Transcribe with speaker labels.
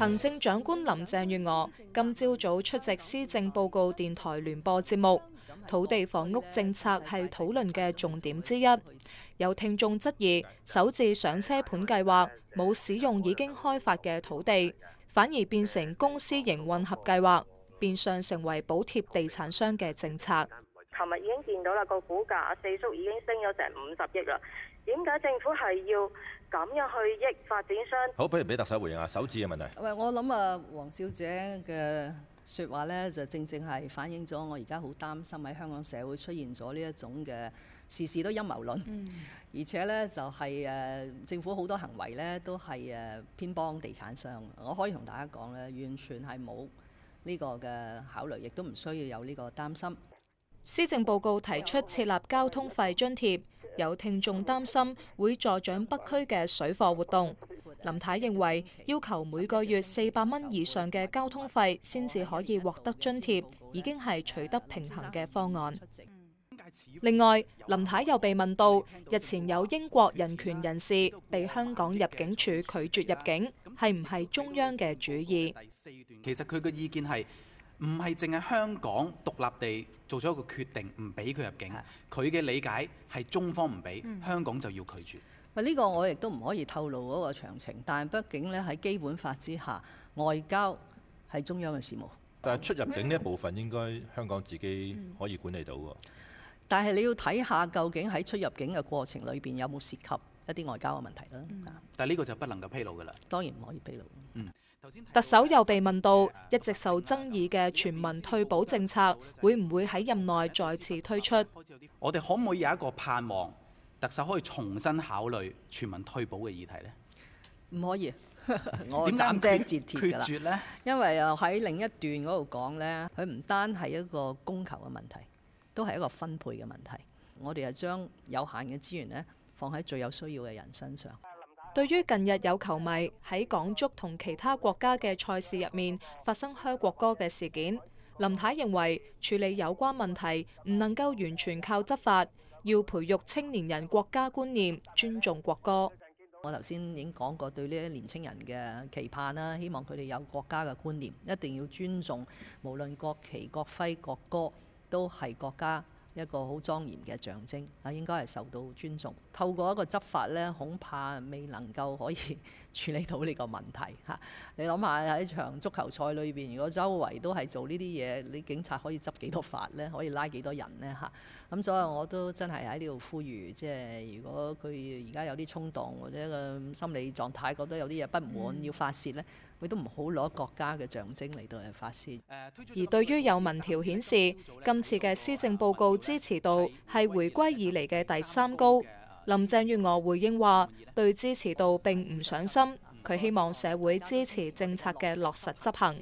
Speaker 1: 行政長官林鄭月娥今朝早，早出席施政報告電台聯播節目，土地房屋政策係討論嘅重點之一。有聽眾質疑，首次上車盤計劃冇使用已經開發嘅土地，反而變成公私營混合計劃。變相成為補貼地產商嘅政策。琴日已經見到啦，個股價四叔已經升咗成五十億啦。點解政
Speaker 2: 府係要咁樣去益發展商？好，不如俾特首回應下手指嘅問題。喂，我諗啊，黃小姐嘅説話呢，就正正係反映咗我而家好擔心喺香港社會出現咗呢一種嘅事事都陰謀論，嗯、而且呢，就係誒政府好多行為呢，都係誒偏幫地產商。我可以同大家講呢，完全係冇。呢個嘅考慮亦都唔需要有呢個擔心。
Speaker 1: 施政報告提出設立交通費津貼，有聽眾擔心會助長北區嘅水貨活動。林太認為，要求每個月四百蚊以上嘅交通費先至可以獲得津貼，已經係取得平衡嘅方案。另外，林太又被問到，日前有英國人權人士被香港入境處拒絕入境。係唔係中央嘅主意？第四段其實
Speaker 2: 佢嘅意見係唔係淨係香港獨立地做咗一個決定，唔俾佢入境。佢嘅理解係中方唔俾，香港就要拒絕。呢、嗯、個我亦都唔可以透露嗰個詳情，但係畢竟呢，喺基本法之下，外交係中央嘅事務。嗯、但係出入境呢一部分應該香港自己可以管理到㗎。嗯、但係你要睇下究竟喺出入境嘅過程裏邊有冇涉及？一啲外交嘅問題啦，嗯、但係呢個就不能夠披露嘅啦。當然唔可以披露。嗯。特
Speaker 1: 首又被問到、嗯、一直受爭議嘅全民退保政策，會唔會喺任
Speaker 2: 內再次推出？嗯、我哋可唔可以有一個盼望，特首可以重新考慮全民退保嘅議題呢？唔可以，我斬釘截鐵㗎啦。點解咁決絕呢？因為啊喺另一段嗰度講呢，佢唔單係一個供求嘅問題，都係一個分配嘅問題。我哋又將有限嘅資源呢。放喺最有需要嘅人身上。
Speaker 1: 對於近日有球迷喺港足同其他國家嘅賽事入面發生噓國歌嘅事件，林太認為處理有關問題唔能夠完全靠執法，要培育青年人國家觀念，尊重
Speaker 2: 國歌。我頭先已經講過對呢啲年青人嘅期盼啦，希望佢哋有國家嘅觀念，一定要尊重，無論國旗、國徽、國歌都係國家，一個好莊嚴嘅象徵啊，應該係受到尊重。透過一個執法呢，恐怕未能夠可以處理到呢個問題嚇。你諗下喺場足球賽裏邊，如果周圍都係做呢啲嘢，你警察可以執幾多法呢？可以拉幾多人呢？嚇？咁所以我都真係喺呢度呼籲，即係如果佢而家有啲衝動或者個心理狀態覺得有啲嘢不滿要發泄呢。嗯佢都唔好攞國家嘅象徵嚟到嚟發泄。而對於有民調顯
Speaker 1: 示今次嘅施政報告支持度係回歸以嚟嘅第三高，林鄭月娥回應話：對支持度並唔上心，佢希望社會支持政策嘅落實執行。